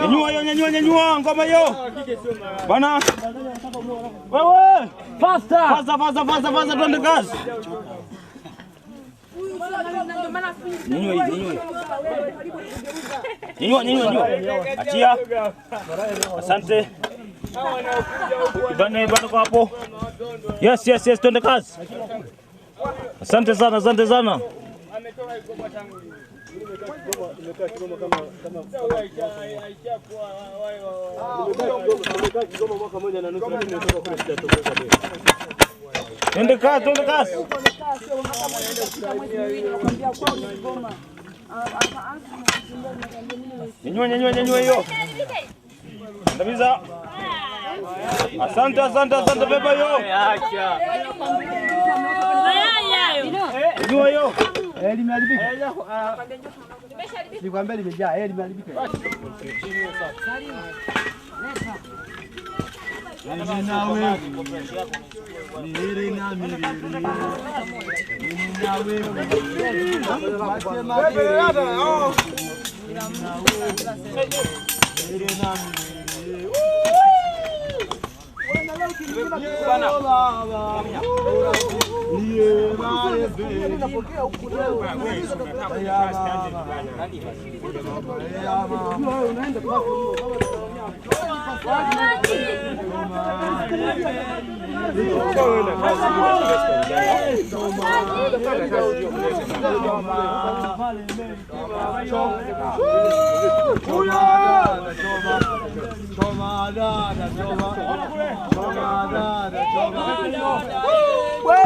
Nyanyua hiyo, nyanyua, nyanyua ngoma hiyo bana. Wewe faster, faster, faster, faster, faster, twende kazi. Nyanyua hiyo, nyanyua, nyanyua, achia. Asante bana, bana kwa hapo. Yes, yes, yes, twende kazi. Asante sana, asante sana. Ametoa igoma tangu. Twende kasi, twende kasi. Nyanyua, nyanyua, nyanyua hiyo. Ndamiza. Asante, asante, asante, beba hiyo. Eh, acha. Nyanyua hiyo. Eh, limeharibika. Nilikwambia limejaa, eh, limeharibika. Ninawe miriri na miriri, ninawe Unaenda Wewe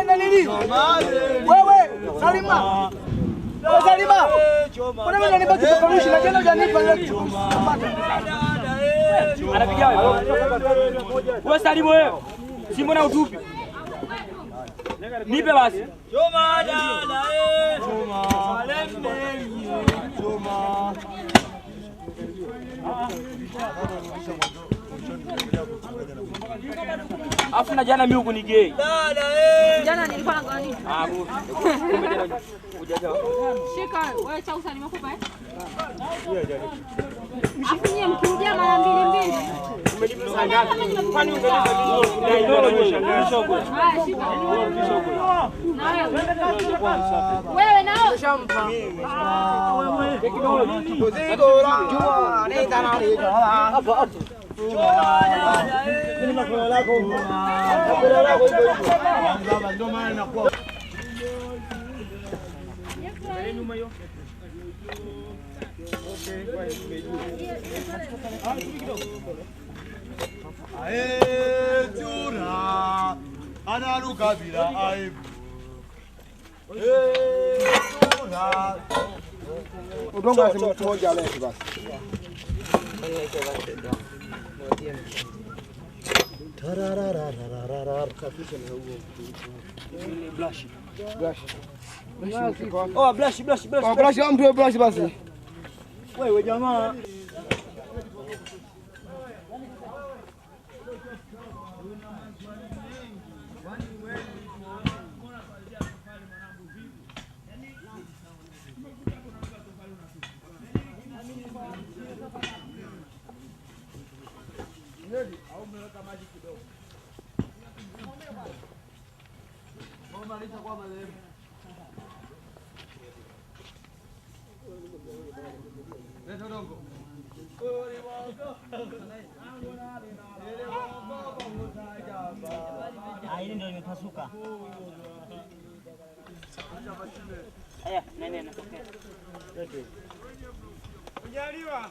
nini? Wewe Salima. Wewe oh, Salima. Mbona mimi nanipa kipeperushi na tena hujanipa leo kitu? anapiga wewe. Wewe salimu wewe. Si mbona utupi? Nipe basi. Choma dada eh. Choma. Salembe. Choma. Ah. Afu na jana mimi huku ni gay. Eh! Jana nilikuwa na gani? Ah, kumbe Shika wewe cha usani makupa eh? Afu nyie mkirudia mara mbili mbili. Ndio maana nakuwa nyuma hiyo. Aetura analuka bila aibu. Aetura Mtu blashi basi. Wewe jamaa mteli au umeweka maji kidogo? Ah, hili ndio limepasuka. Ujaliwa.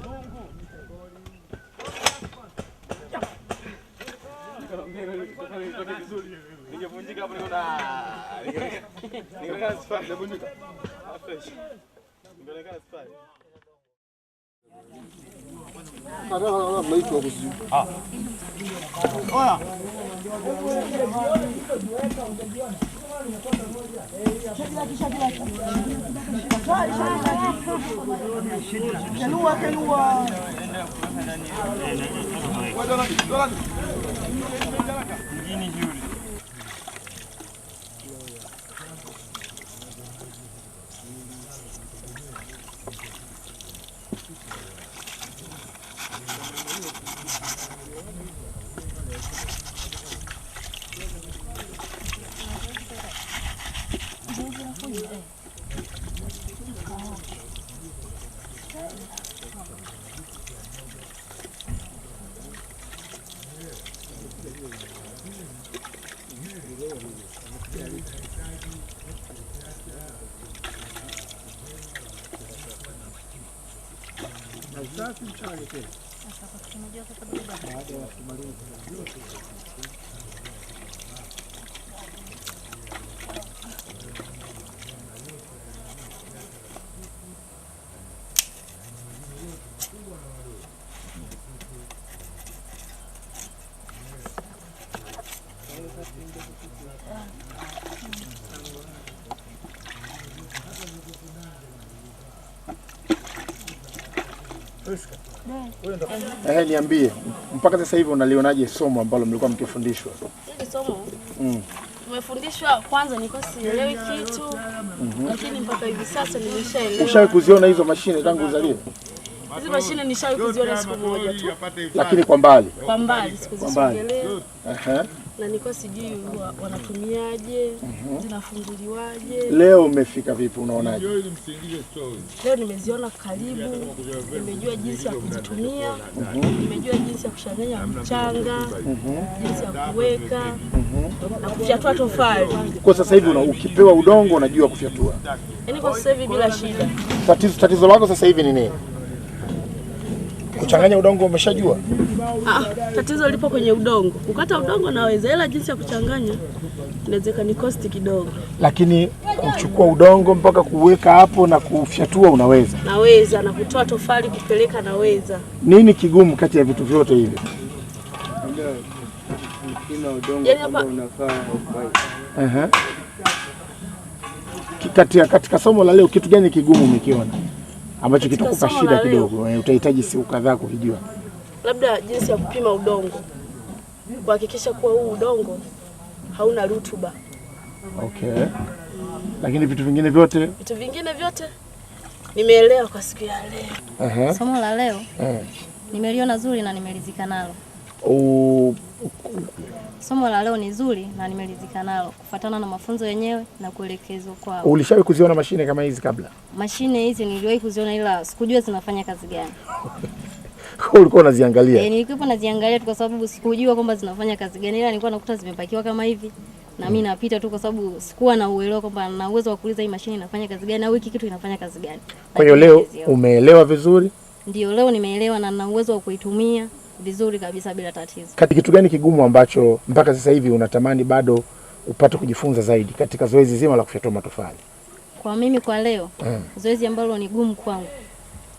Ningevunjika hapo ndio Євгеній Юрій. Safi mchale tena. Sasa kwa kumjua kwa sababu baba. Baada ya kumaliza niambie mpaka sasa hivi unalionaje somo ambalo mlikuwa mkifundishwa? Somo mm. kwanza, nilikuwa sielewi kitu mm -hmm. Lakini mpaka hivi sasa nimeshaelewa. Ushawahi kuziona hizo mashine tangu uzalie? Hizo mashine nishawahi kuziona siku moja tu, lakini kwa mbali, kwa mbali, siku zote na nilikuwa sijui wanatumiaje, mhm. zinafunguliwaje. Leo umefika vipi, unaonaje? Leo nimeziona karibu, nimejua jinsi ya kuzitumia, mhm. nimejua jinsi ya kuchanganya mchanga, mhm. jinsi ya kuweka na kufyatua tofali. Kwa sasa hivi ukipewa udongo unajua kufyatua, yaani kwa sasa hivi bila shida. Tatizo tatizo lako sasa hivi ni nini? kuchanganya udongo umeshajua? Ah, tatizo lipo kwenye udongo. Kukata udongo naweza, ila jinsi ya kuchanganya inawezekana ni cost kidogo. Lakini kuchukua udongo mpaka kuweka hapo na kufyatua unaweza? Naweza, na kutoa tofali kupeleka naweza. Nini kigumu kati ya vitu vyote hivi? Yaani katika somo la leo kitu gani kigumu umekiona ambacho kitakupa shida kidogo, eh, utahitaji siku kadhaa kuvijua, labda jinsi ya kupima udongo, kuhakikisha kuwa huu udongo hauna rutuba. Okay, lakini vitu vingine vyote, vitu vingine vyote nimeelewa kwa siku ya leo. Somo la leo eh. nimeliona zuri na nimeridhika nalo. Somo la leo ni zuri na nimeridhika nalo kufuatana na mafunzo yenyewe na kuelekezwa kwao. Ulishawahi kuziona mashine kama hizi kabla? Mashine hizi niliwahi kuziona, ila sikujua zinafanya kazi gani. Ulikuwa unaziangalia? Eh, nilikuwa naziangalia tu kwa sababu sikujua kwamba zinafanya kazi gani, ila nilikuwa nakuta zimepakiwa kama hivi na mimi hmm. napita tu kwa sababu sikuwa na uelewa kwamba na uwezo wa kuuliza hii mashine inafanya kazi gani au hiki kitu inafanya kazi gani. Kwa hiyo leo umeelewa vizuri? Ndio, leo nimeelewa na na uwezo wa kuitumia vizuri kabisa bila tatizo. Kati kitu gani kigumu ambacho mpaka sasa hivi unatamani bado upate kujifunza zaidi katika zoezi zima la kufyatua matofali? Kwa mimi kwa leo mm. zoezi ambalo ni gumu kwangu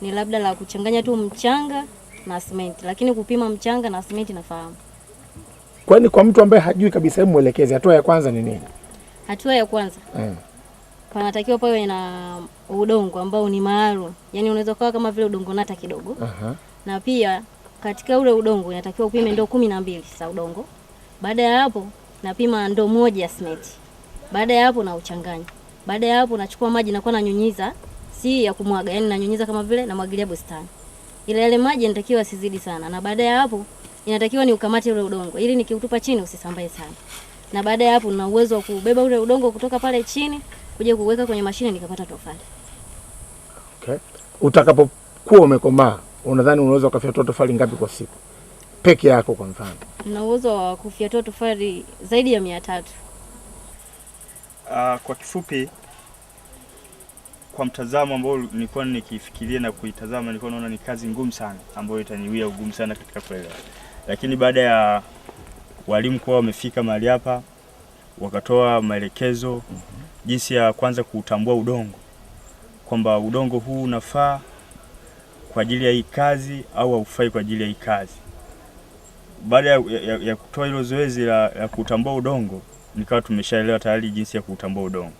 ni labda la kuchanganya tu mchanga na simenti, lakini kupima mchanga na simenti nafahamu. Kwani kwa mtu ambaye hajui kabisa, hebu mwelekeze, hatua ya kwanza ni nini? Hatua ya kwanza mm. panatakiwa pawe na udongo ambao ni maalum, yaani unaweza kawa kama vile udongo nata kidogo uh -huh. na pia katika ule udongo inatakiwa upime ndoo kumi na mbili za udongo. Baada ya hapo napima ndoo moja ya simenti. Baada ya hapo na uchanganya. Baada ya hapo nachukua maji na kwa nanyunyiza, si ya kumwaga, yani nanyunyiza kama vile namwagilia bustani. Ile yale maji inatakiwa sizidi sana, na baada ya hapo inatakiwa ni ukamate ule udongo ili nikiutupa chini usisambae sana. Na baada ya hapo na uwezo wa kubeba ule udongo kutoka pale chini kuja kuweka kwenye mashine nikapata tofali. Okay. Utakapokuwa umekomaa unadhani unaweza ukafyatua tofali ngapi kwa siku peke yako? Kwa mfano, na uwezo wa kufyatua tofali zaidi ya mia tatu. Uh, kwa kifupi, kwa mtazamo ambao nilikuwa nikifikiria na kuitazama, nilikuwa naona ni kazi ngumu sana ambayo itaniwia ugumu sana katika kuelewa, lakini baada ya walimu kuwa wamefika mahali hapa wakatoa maelekezo mhm. jinsi ya kwanza kuutambua udongo kwamba udongo huu unafaa kwa ajili ya hii kazi au haufai kwa ajili ya hii kazi. Baada ya, ya, ya kutoa hilo zoezi la, la kutambua udongo, nikawa tumeshaelewa tayari jinsi ya kutambua udongo.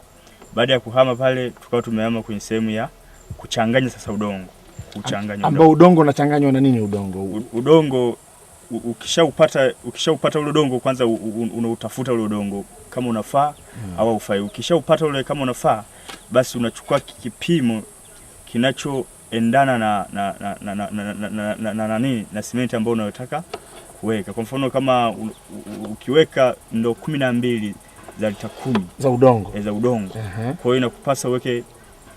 Baada ya kuhama pale, tukawa tumehama kwenye sehemu ya kuchanganya sasa udongo, kuchanganya ambao udongo unachanganywa na nini? Udongo u, udongo ukishaupata ukishaupata ule udongo kwanza, unautafuta ule udongo kama unafaa hmm, au haufai. Ukishaupata ule kama unafaa, basi unachukua kipimo kinacho endana na na na na na na na na na na nani na simenti ambayo unayotaka kuweka. Kwa mfano kama ukiweka ndoo kumi na mbili za lita kumi za udongo, e, za udongo. Uh -huh. Kwa hiyo inakupasa uweke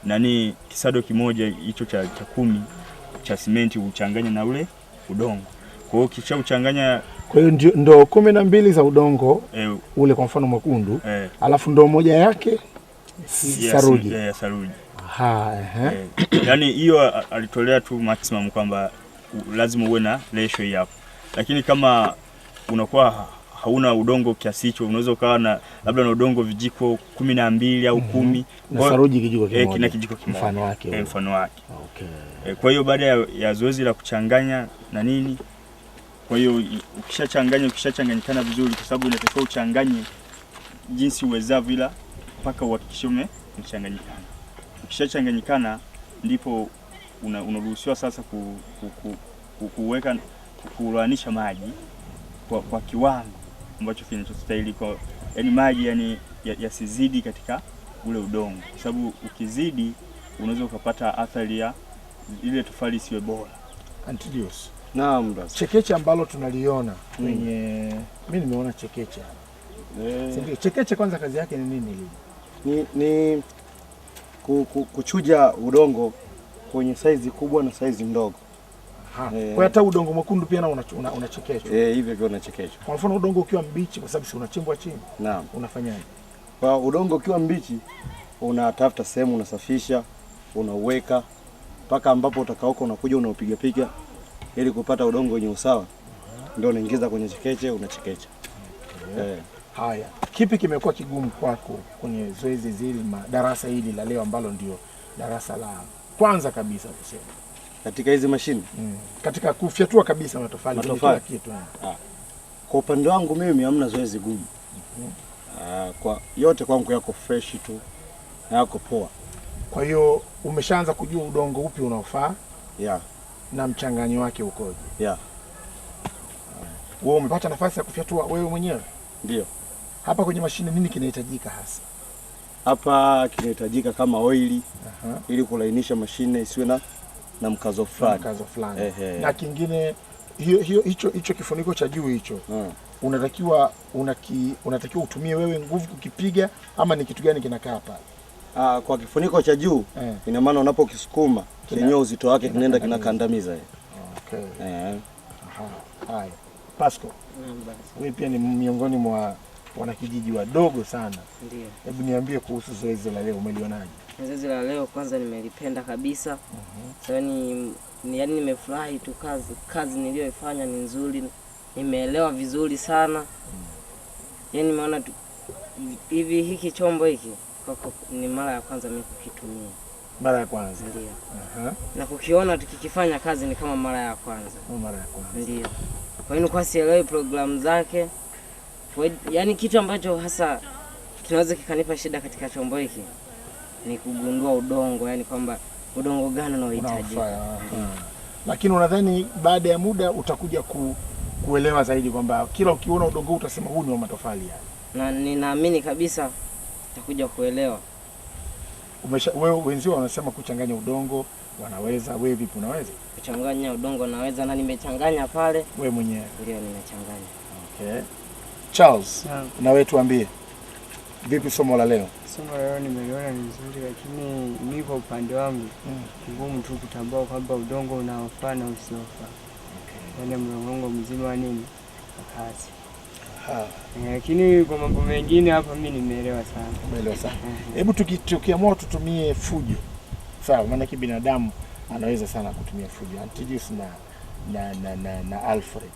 nani kisado kimoja hicho cha, lita kumi cha simenti uchanganye na ule udongo. Kwa hiyo kisha uchanganya kwa hiyo ndoo kumi na mbili za udongo e, ule kwa mfano mwekundu e, alafu ndoo moja yake saruji, yes, yeah, saruji. Eh, yani hiyo alitolea tu maximum kwamba lazima uwe na ratio hii hapo, lakini kama unakuwa hauna udongo kiasi hicho, unaweza ukawa na labda na udongo vijiko kumi na mbili au mhm. kumi na saruji kijiko eh, kimoja kina kijiko kimoja mfano wake, eh, mfano wake. Okay. Kwa hiyo baada ya, ya zoezi la kuchanganya na nini, kwa hiyo ukishachanganya ukishachanganyikana vizuri, kwa sababu inatakiwa uchanganye jinsi uwezavyo, ila mpaka uhakikishe umechanganyikana kishachanganyikana ndipo unaruhusiwa sasa ku, ku, ku, ku, kuweka kuloanisha maji kwa, kwa kiwango ambacho kinachostahili kwa yani maji yani yasizidi ya katika ule udongo, kwa sababu ukizidi unaweza ukapata athari ya ile tofali isiwe bora. Antidius, naam, chekeche ambalo tunaliona hmm. kwenye mm. Mimi nimeona chekeche hapa eh. Chekeche kwanza kazi yake ni nini? Ni, ni kuchuja udongo kwenye saizi kubwa na saizi ndogo. Eh. Kwa hata udongo mwekundu pia unachekeshwa. Eh, hivyo hivyo unachekeshwa. Kwa mfano udongo ukiwa mbichi kwa sababu si unachimbwa chini. Naam. Unafanyaje? Kwa udongo ukiwa mbichi unatafuta sehemu unasafisha, unauweka mpaka ambapo utakaoka unakuja unaupigapiga ili kupata udongo wenye usawa. Ndio unaingiza kwenye chekeche unachekecha. Okay. Eh. eh. Haya, kipi kimekuwa kigumu kwako kwenye zoezi zima, darasa hili la leo ambalo ndio darasa la kwanza kabisa kusema katika hizi mashine mm, katika kufyatua kabisa matofali matofali kitu? Eh. Ah. kwa upande wangu mimi hamna zoezi gumu mm -hmm. kwa yote kwangu yako fresh tu na yako poa. Kwa hiyo umeshaanza kujua udongo upi unaofaa yeah, na mchanganyo wake ukoje? yeah. Wewe umepata nafasi ya kufyatua wewe mwenyewe? Ndio. Hapa kwenye mashine nini kinahitajika hasa? Hapa kinahitajika kama oili uh -huh. ili kulainisha mashine isiwe na na mkazo fulani. Mkazo fulani. Eh, eh. Na kingine hiyo hiyo hicho hicho kifuniko cha juu hicho uh. unatakiwa unaki, unatakiwa utumie wewe nguvu kukipiga ama ni kitu gani kinakaa pale? Ah, kwa kifuniko cha juu eh. ina maana unapokisukuma chenyewe uzito wake kinaenda kinakandamiza. Okay. Eh. Aha. Pasco. Wewe pia ni miongoni mwa wanakijiji wadogo sana. Ndio. Hebu niambie kuhusu zoezi la leo, umelionaje? Zoezi la leo kwanza nimelipenda kabisa. uh mhm. -huh. Ni, ni yaani nimefurahi tu, kazi kazi niliyoifanya ni nzuri, nimeelewa vizuri sana. mm. Yaani maana hivi hiki chombo hiki kako, ni mara ya kwanza mimi kukitumia mara ya kwanza ndio. uh -huh. Na kukiona tukikifanya kazi ni kama mara ya kwanza, mara ya kwanza ndio. Kwa hiyo kwa sielewi programu zake kwa yani kitu ambacho hasa kinaweza kikanipa shida katika chombo hiki ni kugundua udongo, yani kwamba udongo gani unaohitaji. Lakini unadhani baada ya muda utakuja ku, kuelewa zaidi kwamba kila ukiona udongo utasema huu ni wa matofali yani. Na ninaamini kabisa utakuja kuelewa. Umesha, wewe wenzio wanasema kuchanganya udongo wanaweza, wewe vipi unaweza? Kuchanganya udongo naweza na nimechanganya pale. Wewe mwenyewe? Ndio nimechanganya. Okay. Charles, yeah. Na wewe tuambie vipi somo la leo? Somo la leo nimeliona ni nzuri, lakini mi kwa upande wangu mm. ngumu mm. tu kutambua kwamba udongo unaofaa na usiofaa, okay. Yaani mlongo mzima wa nini kazi eh, lakini kwa mambo mengine hapa mimi nimeelewa sana. Umeelewa sana. Mm-hmm. Hebu tukiamua tutumie fujo sawa, maana kibinadamu anaweza sana kutumia fujo Antidius na, na, na, na, na Alfred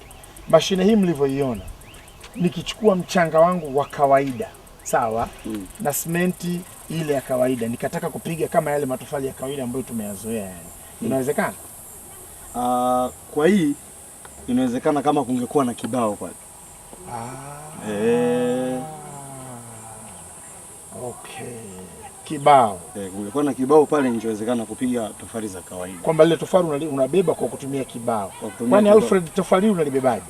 mashine hii mlivyoiona nikichukua mchanga wangu wa kawaida sawa, mm. na simenti ile ya kawaida nikataka kupiga kama yale matofali ya kawaida ambayo tumeyazoea yani, mm. inawezekana? Uh, kwa hii inawezekana kama kungekuwa na kibao kwa Ah, e... Okay. Kibao eh, kungekuwa na kibao pale ingewezekana kupiga tofali za kawaida, kwamba lile tofali unabeba kwa kutumia kibao. Kwani Alfred, tofali unalibebaje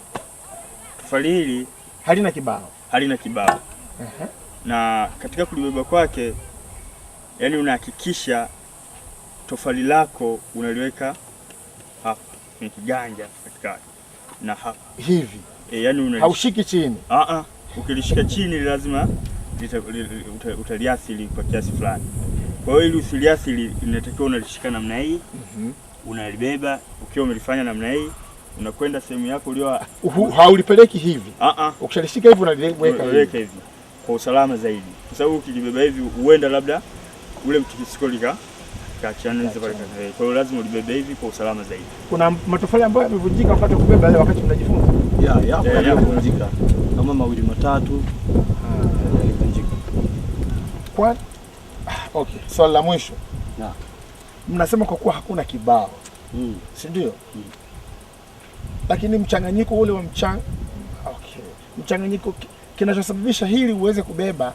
tofali hili? halina kibao, halina kibao. Uh-huh. Na katika kulibeba kwake, yani unahakikisha tofali lako unaliweka hapa kwenye kiganja katikati na hapa hivi e, yani haushiki chini. -uh. ukilishika chini lazima utaliathiri kwa kiasi fulani. Kwa hiyo ili usiliathiri, inatakiwa unalishika namna hii. mm -hmm. Unalibeba ukiwa umelifanya namna hii unakwenda sehemu yako ulio haulipeleki hivi. uh -uh. Ukishalishika hivi unaliweka hivi Weka hivi. kwa usalama zaidi, kwa sababu ukilibeba hivi huenda labda ule mtikisiko lika kachana kwa hiyo lazima ulibebe hivi kwa usalama zaidi. Kuna matofali ambayo yamevunjika wakati kubeba ile wakati mnajifunza yamevunjika kama mawili matatu ah. yalivunjika. Kwa okay, swali la mwisho, mnasema kwa kuwa hakuna kibao, hmm. si ndio? Hmm lakini mchanganyiko ule wa mchang... okay. mchanganyiko kinachosababisha hili uweze kubeba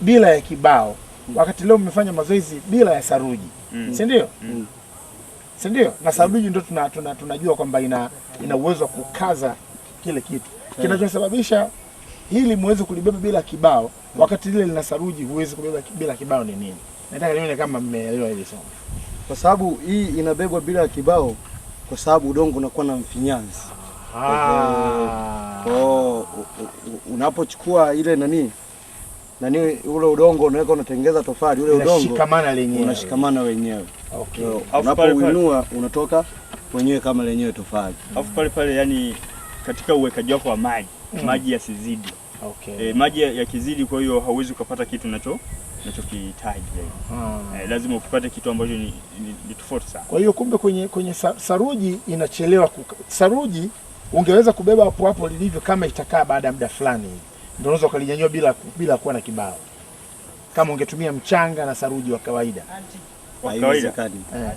bila ya kibao mm. wakati leo mmefanya mazoezi bila ya saruji mm. si ndio? mm. mm. si ndio? na saruji ndio ndo tunajua tuna, tuna kwamba ina, ina uwezo wa kukaza kile kitu mm. kinachosababisha hili muweze kulibeba bila kibao mm. wakati lile lina saruji huwezi kubeba bila kibao ni nini? Nataka nione kama mmeelewa hili somo, kwa sababu hii inabebwa bila kibao kwa sababu udongo unakuwa na mfinyanzi ah. Kwa unapochukua ile nani nani ule udongo unaweka unatengeza tofali, ule udongo unashikamana wenyewe, unapouinua unatoka wenyewe kama lenyewe tofali. Alafu pale pale, yani katika uwekaji wako wa maji, hmm. maji yasizidi, okay. E, maji yakizidi, kwa hiyo hauwezi ukapata kitu nacho unachokihitaji hmm. Eh, lazima ukipate kitu ambacho ni, ni, ni tofauti sana. Kwa hiyo kumbe kwenye, kwenye saruji inachelewa kuka. Saruji ungeweza kubeba hapo hapo lilivyo kama itakaa baada ya muda fulani, ndio unaweza ukalinyanyua bila, bila kuwa na kibao kama ungetumia mchanga na saruji wa kawaida. Eh.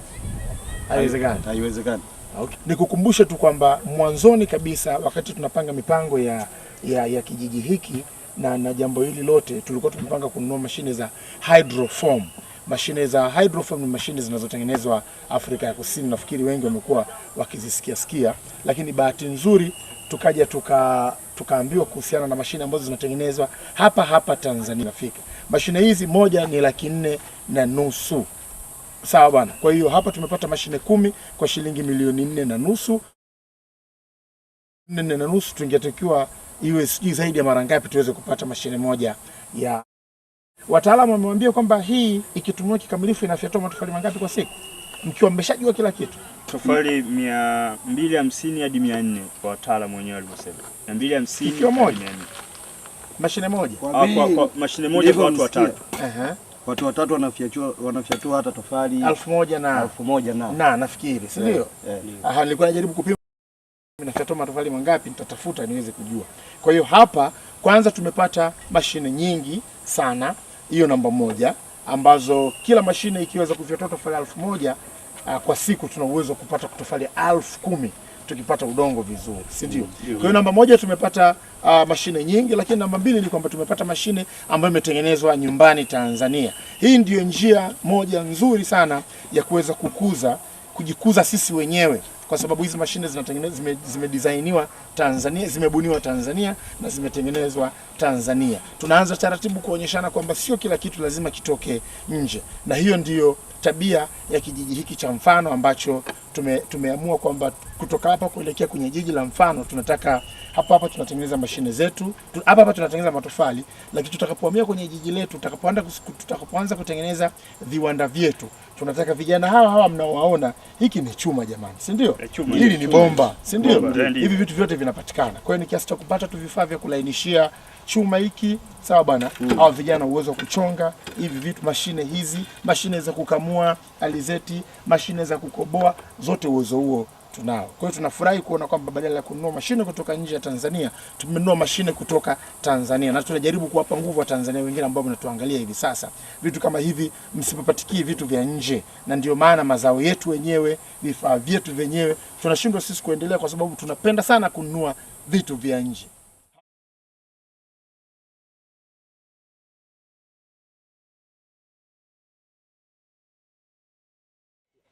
Haiwezekani. Okay. Nikukumbushe tu kwamba mwanzoni kabisa wakati tunapanga mipango ya, ya, ya kijiji hiki na, na jambo hili lote tulikuwa tumepanga kununua mashine za hydroform. Mashine za hydroform ni mashine zinazotengenezwa Afrika ya Kusini, nafikiri wengi wamekuwa wakizisikia sikia, lakini bahati nzuri tukaja tuka tukaambiwa kuhusiana na mashine ambazo zinatengenezwa hapa hapa Tanzania. Nafika mashine hizi moja ni laki nne na nusu, sawa bwana. Kwa hiyo hapa tumepata mashine kumi kwa shilingi milioni nne na nusu, nne na nusu tungetakiwa iwe sijui zaidi ya mara ngapi tuweze kupata mashine moja ya. Wataalamu wamemwambia kwamba hii ikitumiwa kikamilifu inafyatua matofali mangapi kwa siku, mkiwa mmeshajua kila kitu? Tofali mia mbili hamsini hadi mia nne kwa wataalamu wenyewe walivyosema, mia mbili hamsini mkiwa moja mashine moja ah, mashine moja kwa watu watatu watu watatu wanafyatua wanafyatua hata tofali elfu moja na elfu moja na na nafikiri, si ndio? Nilikuwa najaribu kupima nitatoa matofali mangapi, nitatafuta niweze kujua. Kwa hiyo hapa kwanza tumepata mashine nyingi sana, hiyo namba moja, ambazo kila mashine ikiweza kufyatua tofali elfu moja ah, kwa siku, tuna uwezo wa kupata tofali elfu kumi tukipata udongo vizuri, si ndio? Kwa hiyo namba moja tumepata uh, mashine nyingi, lakini namba mbili ni kwamba tumepata mashine ambayo imetengenezwa nyumbani Tanzania. Hii ndiyo njia moja nzuri sana ya kuweza kukuza kujikuza sisi wenyewe kwa sababu hizi mashine zinatengenezwa zimedesigniwa Tanzania, zimebuniwa Tanzania na zimetengenezwa Tanzania. Tunaanza taratibu kuonyeshana kwamba sio kila kitu lazima kitoke nje, na hiyo ndiyo tabia ya kijiji hiki cha Mfano ambacho tume, tumeamua kwamba kutoka hapa kuelekea kwenye jiji la Mfano tunataka hapa hapa tunatengeneza mashine zetu hapa hapa tunatengeneza matofali, lakini tutakapohamia kwenye jiji letu, tutakapoanza tutakapoanza kutengeneza viwanda vyetu, tunataka vijana hawa hawa mnaowaona, hiki ni chuma jamani, si ndio? Eh, Hili ni bomba, si ndio? Hivi vitu vyote vinapatikana. Kwa hiyo ni kiasi cha kupata tu vifaa vya kulainishia chuma hiki sawa bwana, mm. Hawa vijana uwezo wa kuchonga hivi vitu, mashine hizi, mashine za kukamua alizeti, mashine za kukoboa, zote uwezo huo tunao. Kwa hiyo tunafurahi kuona kwamba badala ya kununua mashine kutoka nje ya Tanzania tumenunua mashine kutoka Tanzania, na tunajaribu kuwapa nguvu wa Tanzania wengine ambao mnatuangalia hivi sasa, vitu kama hivi msipapatikie vitu vya nje, na ndio maana mazao yetu wenyewe, vifaa vyetu vyenyewe tunashindwa sisi kuendelea, kwa sababu tunapenda sana kununua vitu vya nje.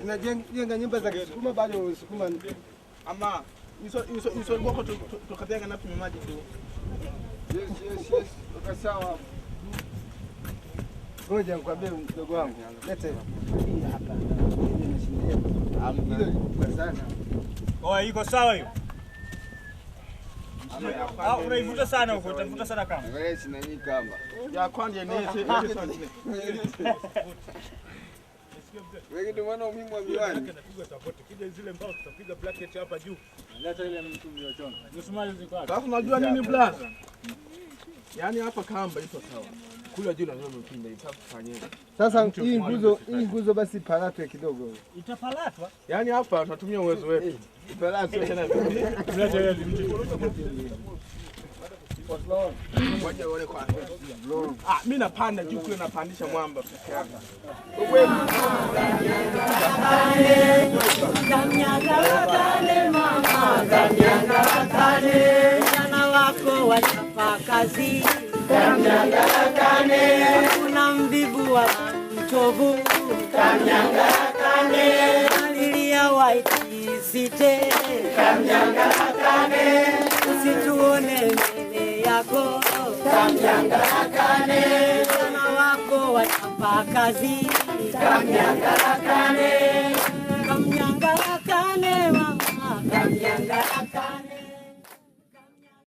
Tunajenga nyumba za Kisukuma bado Usukuma ama hizo hizo hizo tukatenga na tunywa maji tu. Yes yes yes. Tukasawa. Ngoja nikwambie mdogo wangu. Lete hapa. Oh, Mimi nashindia. iko sawa hiyo. Ah, unaivuta sana huko, utavuta sana kamba. Ya kwani ni Wewe ndio maana umuhimu wa miwani. Napiga tapote. Kija zile mbao tutapiga bracket hapa juu. Leta ile mtu mliochonga. usimali zikwapo hapa. Alafu unajua nini blaza? Yaani hapa kamba ipo sawa. Kula juu lazima mpinde itafanyeni. Sasa hii nguzo hii nguzo basi palatwe kidogo. Itapalatwa? Yaani hapa tunatumia uwezo wetu. Palatwe tena. Tunaacha ile mtu. Ah, mimi napanda juu kule napandisha mwamba peke yake. Vijana wako wachapa kazi, kuna mvivu alilia waiti site Tusiangarakane, vijana wako wachapa kazi, kamnyangarakane, kamnyangarakane mama, kamnyangarakane